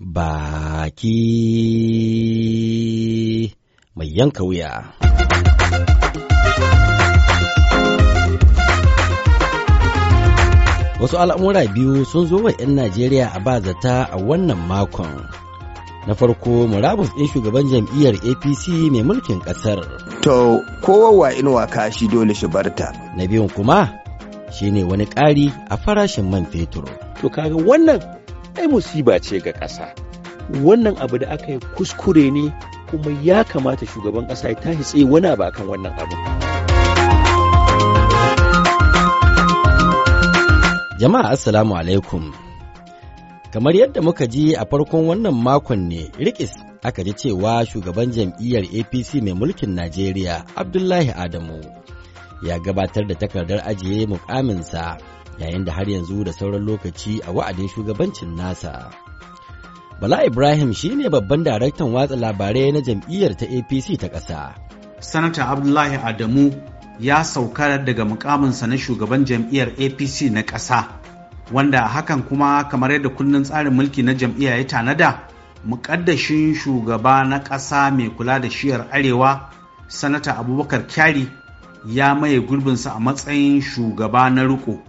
baki mai yanka wuya. Wasu al'amura biyu sun zo wa ‘yan Najeriya a ba zata a wannan makon. Na farko murabus ɗin shugaban jam'iyyar APC mai mulkin ƙasar. To, kowa inuwa kashi dole shi barta. Na biyun kuma, shi ne wani ƙari a farashin man fetur. To, kaga wannan ai musiba ce ga ƙasa wannan abu da aka yi kuskure ne kuma ya kamata shugaban ƙasa ya tashi tsaye wani abu akan wannan abu jama'a assalamu alaikum kamar yadda muka ji a farkon wannan makon ne rikis aka ji cewa shugaban jam'iyyar apc mai mulkin najeriya abdullahi adamu ya gabatar da takardar ajiye mukaminsa yayin da har yanzu da sauran lokaci a wa'adin shugabancin nasa. Bala Ibrahim shine babban daraktan watsa labarai na jam'iyyar ta APC ta ƙasa. Sanata Abdullahi Adamu ya saukar daga mukaminsa na shugaban jam'iyyar APC na ƙasa, wanda hakan kuma kamar yadda kundin tsarin mulki na jam'iyya ya tanada, muƙaddashin shugaba na ƙasa mai kula da shiyar Arewa, Sanata Abubakar Kyari ya maye gurbinsa a matsayin shugaba na riko.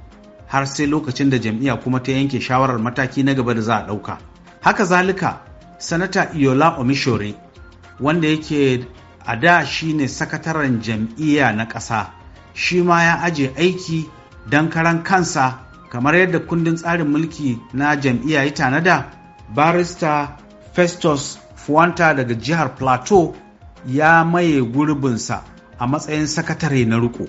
har sai lokacin da jam'iyya kuma ta yanke shawarar mataki na gaba da za a ɗauka. Haka zalika, Sanata Iola Omishore, wanda yake a da shi ne sakataren jam'iyya na ƙasa, shi ma ya aje aiki don karan kansa kamar yadda kundin tsarin mulki na jam'iyya ya tanada, barista Festus Fuanta daga jihar Plateau ya maye gurbinsa a matsayin sakatare na riko.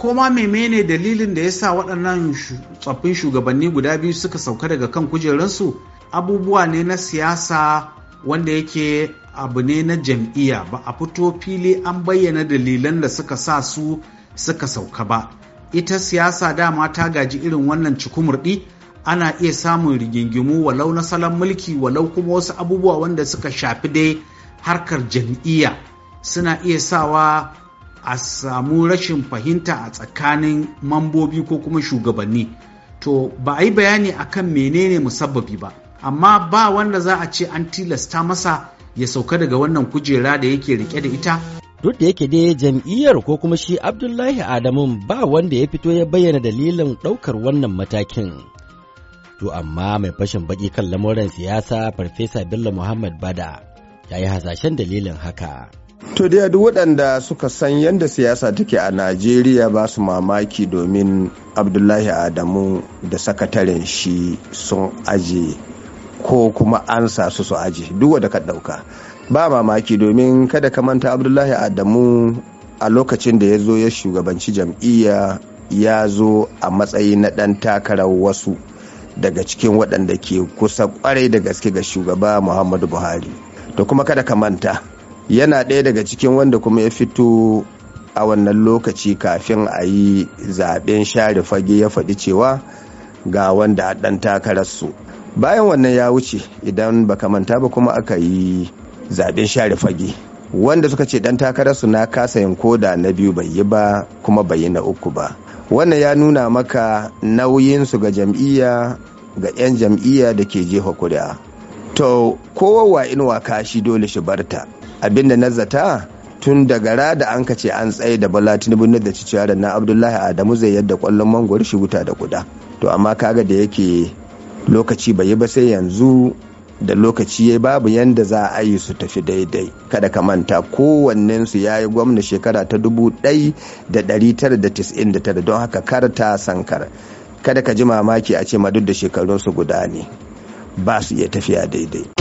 koma menene dalilin da ya sa waɗannan tsoffin shugabanni guda biyu suka sauka daga kan kujerunsu abubuwa ne na siyasa wanda yake abu ne na jam'iyya ba a fito fili an bayyana dalilan da suka sa su suka sauka ba ita siyasa dama ta gaji irin wannan cikumurdi ana iya samun rigingimu walau na salon mulki walau kuma wasu abubuwa wanda suka shafi dai harkar jam'iyya suna iya sawa a samu rashin fahimta a tsakanin mambobi ko kuma shugabanni to ba a yi bayani akan menene musabbabi ba amma ba wanda za a ce an tilasta masa ya sauka daga wannan kujera da yake rike da ita duk da yake dai jam'iyyar ko kuma shi abdullahi Adamu ba wanda ya fito ya bayyana dalilin ɗaukar wannan matakin to amma mai fashin baki kan lamuran siyasa farfesa bello muhammad bada ya yi hasashen dalilin haka To da duk waɗanda suka san yadda siyasa take a Najeriya ba su mamaki domin Abdullahi Adamu da sakataren shi sun aje ko kuma ansa su su aje duk wanda ka ɗauka. Ba mamaki domin kada ka manta Abdullahi Adamu a lokacin da ya zo ya shugabanci jam'iyya ya zo a matsayi na ɗan takarar wasu daga cikin waɗanda ke kusa kwarai da gaske ga shugaba Muhammadu Buhari. To kuma kada ka manta yana ɗaya daga cikin wanda kuma ya fito a wannan lokaci kafin a yi zaben share fage ya faɗi cewa ga wanda a ɗan takararsu bayan wannan ya wuce idan baka manta ba kuma aka yi zaɓen share fage wanda suka ce ɗan takarar su na kasa yin koda na biyu bai yi ba kuma bai yi na uku ba wannan ya nuna maka nauyinsu ga jam'iyya ga 'yan jam'iyya da ke jefa kuri'a to kowa wa kashi dole shi barta abinda na zata tun daga da an kace ce an tsaye da bala tinubu na da cewa da na abdullahi adamu zai yadda kwallon mangwaro shi wuta da guda, to amma kaga da yake lokaci bai yi ba sai yanzu da lokaci ya babu yanda za a yi su tafi daidai kada ka manta kowannensu ya yi gwamna shekara ta dubu da da 1999 don haka kar ta sankar kada ka ji mamaki a ce ma duk da shekarunsu guda ne ba su iya tafiya daidai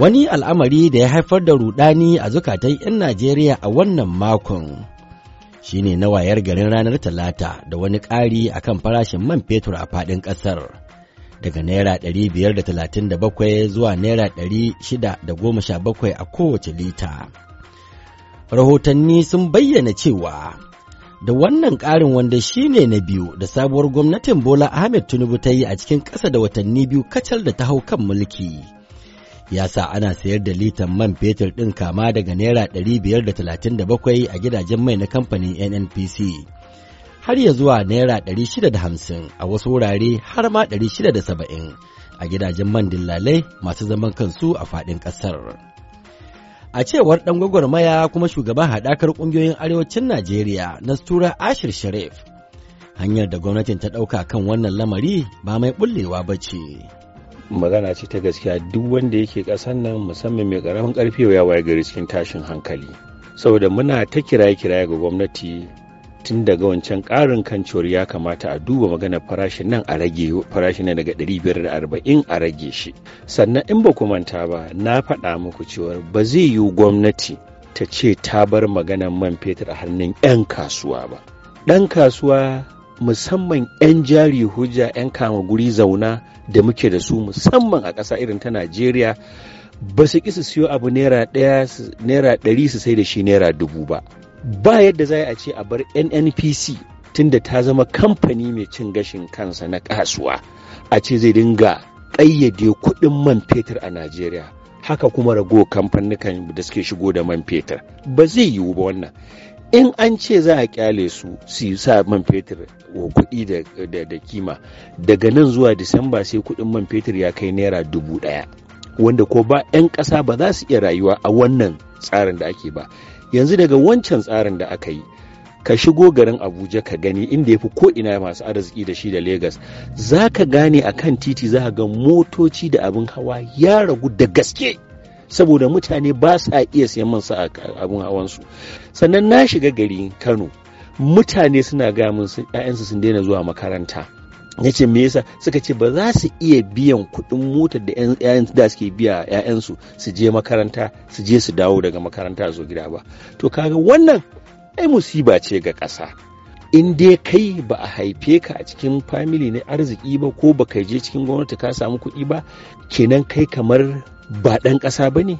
wani al'amari da ya haifar da rudani a zukatan 'yan Najeriya a wannan makon shine na wayar garin ranar Talata da wani ƙari a kan farashin man fetur a faɗin ƙasar daga Naira 537 zuwa Naira 617 a kowace lita. Rahotanni sun bayyana cewa da wannan ƙarin wanda shine na biyu da sabuwar gwamnatin Bola Ahmed Tinubu ta yi a cikin ƙasa da watanni biyu kacal da ta hau kan mulki. ya sa ana sayar da litan man fetur ɗin kama daga naira 537 a gidajen mai na kamfanin nnpc har ya zuwa naira 650 a wasu wurare har ma 670 a gidajen man dillalai masu zaman kansu a faɗin ƙasar. A cewar ɗan gwagwarmaya kuma shugaban haɗakar ƙungiyoyin arewacin Najeriya na stura Ashir Sharif, hanyar da gwamnatin ta ɗauka kan wannan lamari ba mai bullewa ba ce. magana ce ta gaskiya duk wanda yake ƙasan nan musamman mai ƙaramin ƙarfi ya waye gari cikin tashin hankali saboda muna ta kiraye-kiraye ga gwamnati tun daga wancan ƙarin kan ya kamata a duba maganar farashin nan a rage farashin nan daga 540 a rage shi sannan in ba ku manta ba na faɗa muku cewar ba zai yiwu gwamnati ta ce ta bar maganar man fetur a hannun 'yan kasuwa ba ɗan kasuwa musamman 'yan jari hujja 'yan kama guri zauna da muke da su musamman a ƙasa irin ta najeriya ba su su siyo abu naira ɗaya naira ɗari su sai da shi naira dubu ba ba yadda za a ce a bar nnpc tunda ta zama kamfani mai cin gashin kansa na kasuwa a ce zai dinga ƙayyade kuɗin man fetur a najeriya haka kuma rago kamfanin da suke shigo da man fetur ba zai yiwu ba wannan in an ce za a kyale su su sa man fetur wa kuɗi da kima daga nan zuwa disamba sai kuɗin man fetur ya kai naira dubu ɗaya wanda ko ba 'yan ƙasa ba za su iya rayuwa a wannan tsarin da ake ba yanzu daga wancan tsarin da aka yi ka shigo garin abuja ka gani inda ya fi ko'ina masu arziki da shi da Legas, za ka gane a kan titi za ka ga motoci da abin hawa ya ragu da gaske saboda mutane ba sa iya siyan man sa abin hawansu sannan na shiga gari kano mutane suna gaya min ‘ya'yansu sun daina zuwa makaranta ya ce me yasa suka ce ba za su iya biyan kuɗin motar da ‘ya'yan da suke biya ‘ya'yansu su je makaranta su je su dawo daga makaranta zo gida ba to kaga wannan ai musiba ce ga ƙasa in dai kai ba a haife ka a cikin famili na arziki ba ko ba kai je cikin gwamnati ka samu kuɗi ba kenan kai kamar ba ɗan ƙasa ba ne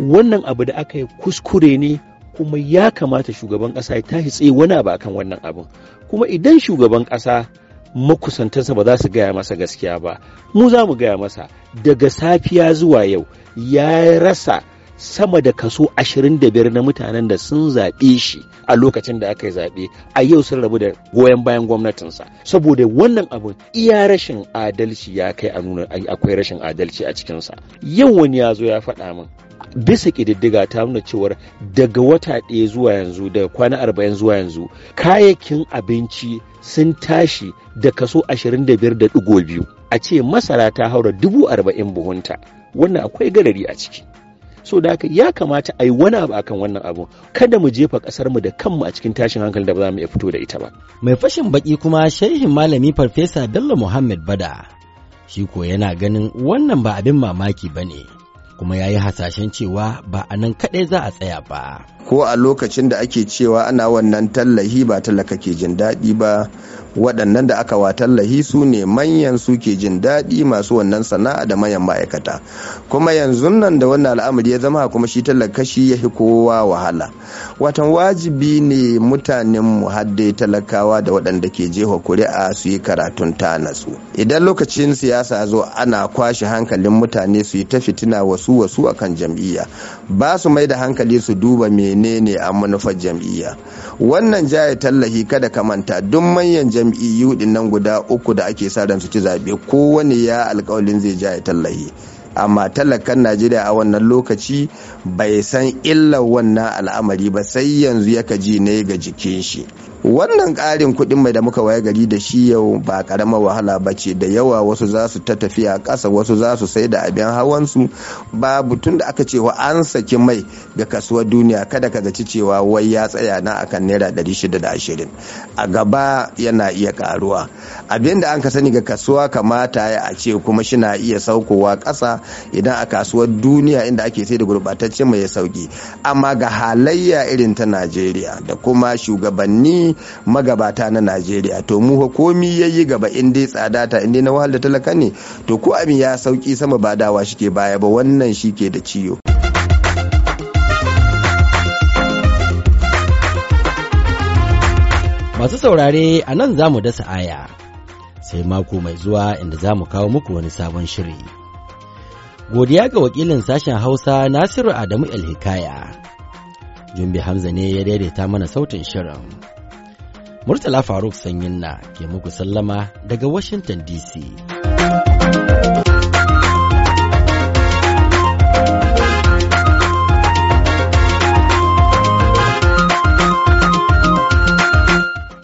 wannan abu da aka yi kuskure ne kuma ya kamata shugaban ƙasa ya tashi tsaye wani abu akan wannan abin kuma idan shugaban ƙasa makusantansa ba za su gaya masa gaskiya ba mu za mu gaya masa daga safiya zuwa yau ya rasa sama da kaso 25 na mutanen da sun zaɓe shi a lokacin da aka yi zaɓe a yau sun rabu da goyon bayan gwamnatinsa saboda wannan abun iya rashin adalci ya kai a nuna akwai rashin adalci a cikinsa yau wani ya zo ya faɗa min bisa ƙididdiga ta nuna cewar daga wata ɗaya zuwa yanzu daga kwana arba'in zuwa yanzu kayayyakin abinci sun tashi da kaso ashirin da da biyar biyu. a ce masara ta haura dubu arba'in buhunta wannan akwai galari a ciki so da haka ya kamata a yi wani abu akan wannan abu kada mu jefa kasar mu da kanmu a cikin tashin hankali da ba za mu iya fito da ita ba mai fashin baki kuma shehin malami farfesa bello muhammad bada shi ko yana ganin wannan ba abin mamaki ba ne kuma ya yi hasashen cewa ba a nan kaɗai za a tsaya ba. Ko a lokacin da ake cewa ana wannan tallahi ba talaka ke jin daɗi ba waɗannan da aka watallahi su ne manyan suke jin daɗi masu wannan sana'a da manyan ma'aikata kuma yanzu nan da wannan al'amari ya zama kuma shi talakashi ya fi kowa wahala watan wajibi ne mutanen mu haddai talakawa da waɗanda ke jefa kuri'a su yi karatun ta nasu idan lokacin siyasa zo ana kwashe hankalin mutane su yi ta fitina wasu wasu akan jam'iyya ba su mai da hankali su duba menene a manufar jam'iyya wannan jaya tallahi kada ka manta duk manyan jam'iyyu dinnan guda uku da ake sa da su ci zaɓe kowane ya alƙawarin zai jaya tallahi amma talakan najeriya a wannan lokaci bai san illar wannan al'amari ba sai yanzu ya ji ne ga jikin shi wannan ƙarin kuɗin mai da muka waya gari da shi yau ba ƙaramar wahala ba ce da yawa wasu za su ta tafiya ƙasa wasu za su sai da abin hawansu babu tun da aka cewa an saki mai ga kasuwar duniya kada ka gaci cewa wai ya tsaya na akan naira 620 a gaba yana iya ƙaruwa abin da an ka sani ga kasuwa kamata ya a ce kuma shi na iya saukowa ƙasa idan a kasuwar duniya inda ake sai da gurbatacce mai sauki amma ga halayya irin ta najeriya da kuma shugabanni magabata na najeriya to mu komi ya yi gaba in dai tsada ta in na wahal da talaka ne to ko abin ya sauki sama ba dawa shike baya ba wannan shike da ciyo Masu saurare a nan za mu dasa aya, sai mako mai zuwa inda za mu kawo muku wani sabon shiri. godiya ga wakilin sashen hausa nasiru adamu el-hikaya jumbi hamza ne ya daidaita mana sautin shirin murtala faruk sanyin na ke muku sallama daga washington dc